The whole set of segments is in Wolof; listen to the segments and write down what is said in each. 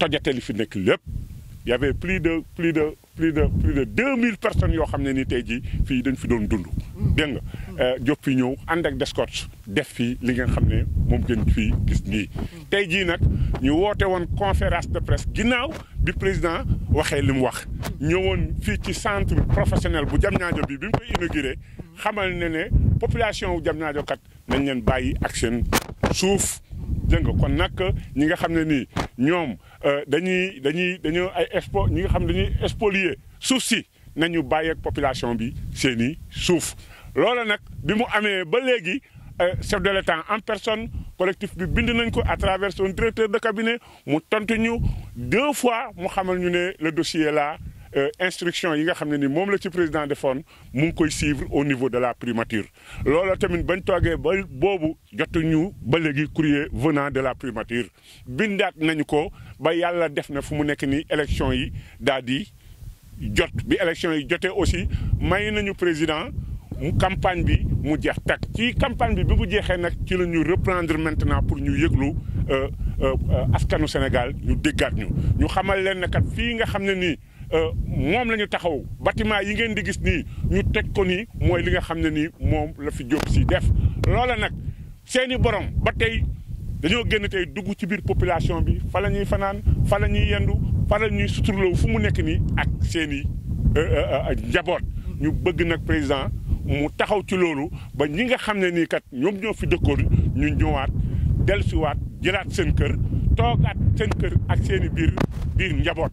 tojate li fi nek lepp il y avait plus de plus de plus de plus de 2000 personnes yo xamné ni tey jii fii dañ fi doon dund. deng nga Diop euh, fi ñew and ak Descote def fi li nga xamné ne moom ngeen fii gis ni tey jii nag ñu woté won conférence de presse ginnaw bi président waxé lim mu wax. ñëwoon fi ci centre professionnel bu jamnaajo bi bi mu koy inaugurer xamal né né population jamnaajo kat nañ leen bayyi ak seen suuf dégg nga kon nak ñi nga xamné ni ñom euh, dañuy dañuy dañu ay expo ñi nga xam dañuy spolier souf ci nañu bàyyeeg population bi seen souf suuf. loolu nag bi mu amee ba léegi euh, chef de l'État en personne collectif bi bind nañ ko à travers son directeur de cabinet mu tontu ñu deux fois mu xamal ñu né le dossier là. Euh, instruction yi nga xamné ni mom la ci président de mu ngi koy suivre au niveau de la primature lolo tamit bagn togué ba boobu ñu ba légui courrier venant de la primature bindaat nañ ko ba yalla def na fu mu nekk élection yi dadi jot bi élection yi joté aussi may nañu président mu campagne bi mu jeex tak ci campagne bi bi mu jeexee nag ci lañu reprendre maintenant pour ñu euh, euh, euh askanu Sénégal ñu déggat ñu ñu xamal leen nak fi nga xamné ni Euh, moom la ñu taxaw bâtiment yi ngeen di gis nii ñu teg ko nii mooy li nga xam ne nii moom la fi Diop Sy def loola nag seeni borom ba tey dañoo génn tey dugg ci biir population bi fa la ñuy fanaan fa la ñuy yendu fa la ñuy suturloo fu mu nekk nii ak seeni euh, euh, njaboot ñu bëgg nag président mu taxaw ci loolu ba ñi nga xam ne nii kat ñoom ñoo fi dëkkoon ñu ñëwaat dellusiwaat jëlaat seen kër toogaat seen kër ak seeni biir biir njaboot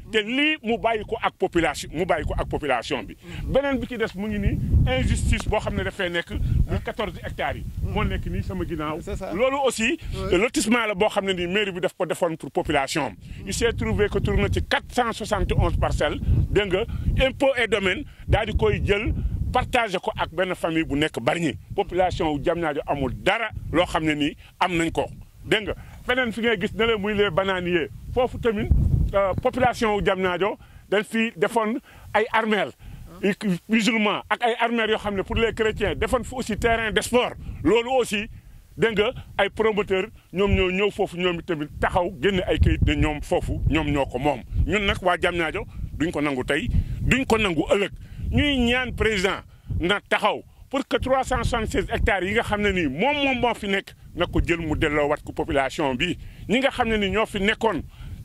te li mu bayiko ak population mu bayiko ak population bi. benen bi ci des mu ngi ni injustice bo xam ne dafay bu 14 hectares yi. mo nek ni sama ginaaw lolu aussi. lotissement la bo xam ni maire bi daf ko defone pour population mm-hmm. il s'est trouvé que tourne ci 471 parcelles de nga impôt et domaine dal di koy jël. partagé ko ak ben famille bu nek barñi population Diamniadio amul dara lo xam ni, am nañ ko de nga feneen fi ngay gis ne la muy les bananiers fofu tamit la euh, population wu Diamniadio dañ fi defoon ay armeel musulman ak ay armeel yoo xam pour les chrétiens defoon fi aussi terrain de sport loolu aussi dégg nga ay promoteur ñoom ñoo ñëw foofu ñoom tamit taxaw génn ay kayit ne ñoom foofu ñoom ñoo ko moom ñun nag waa Diamniadio duñ ko nangu tey duñ ko nangu ëllëg ñuy ñaan président na taxaw pour que 376 hectares yi nga xam ne nii moom moom moo fi nekk na ko jël mu delloowaat ko population bi ñi nga xam ne ni ñoo fi nekkoon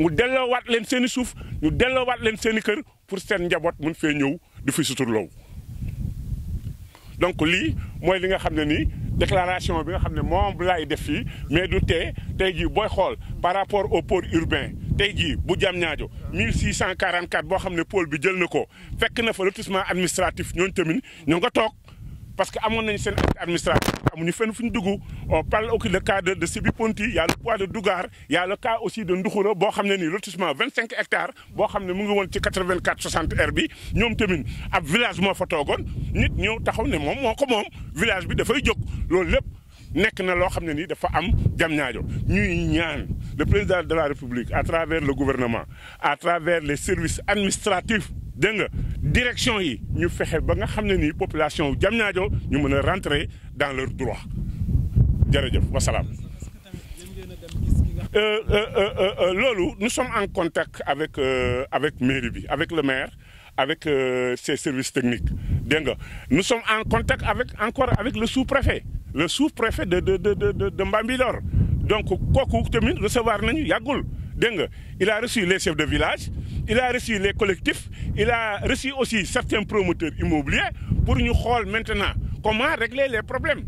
mu delloowaat leen seen i suuf ñu delloowaat leen seen i kër pour seen njaboot mun fee ñëw di fi suturloo donc lii mooy li nga xam ne nii déclaration bi nga xam ne moom laay def fii mais du tee tey jii booy xool par rapport au port urbain tey jii bu Diamniadio 1644 boo xam ne pôle bi jël na ko fekk na fa lotissement administratif ñooñu tamit ñoo nga toog parce que amoon nañu administration amuñu fenn fu ñu on parle aussi cas de Sibi Ponti y' a le poids de Dougar il y' a le cas aussi de Nduxura qui a un lotissement lotissement 25 hectares qui a un mu ngi 84 60 R Nous avons un village moo fa toogoon nit ñëw taxaw ne moom moo ko village bi dafay jóg loolu lépp. nekk na loo xam ne nii dafa am jam ñaajo ñuy ñaan le président de la république à travers le gouvernement à travers les services administratifs dégg direction yi ñu fexé ba nga xamné ni population Diamniadio ñu mëna rentrer dans leur droit jërëjëf wasalaam. Euh, euh, euh, lolu nous sommes en contact avec avec mairie bi avec le maire avec ses services techniques dégg nous sommes en contact avec encore avec le sous-préfet le sous-préfet de de de de de Mbambilor donc kooku tamit recevoir nañu yagul dégg il a reçu les chefs de village il a reçu les collectifs, il a reçu aussi certains promoteurs immobiliers pour nous voir maintenant comment régler les problèmes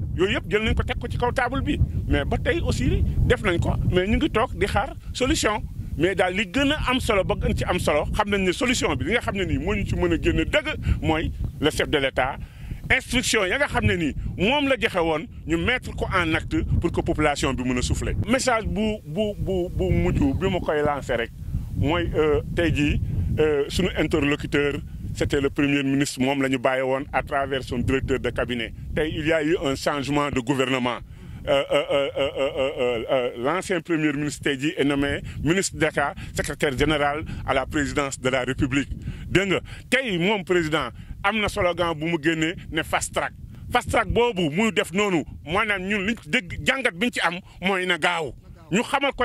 table mais aussi des solutions. mais solution mais dans solution le chef de l'État instruction mettre en acte pour que population message mon euh, euh, suñu interlocuteur c'était le premier ministre mom lañu bayé à travers son directeur de cabinet il y a eu un changement de gouvernement euh, l'ancien premier ministre Teddy est nommé ministre d'État secrétaire général à la présidence de la République Donc, mon mon président amna na slogan bumu mu ne fast track fast track bobu muy def noonu maanaam ñun liñ dégg jàngat biñ ci am na ñu xamal ko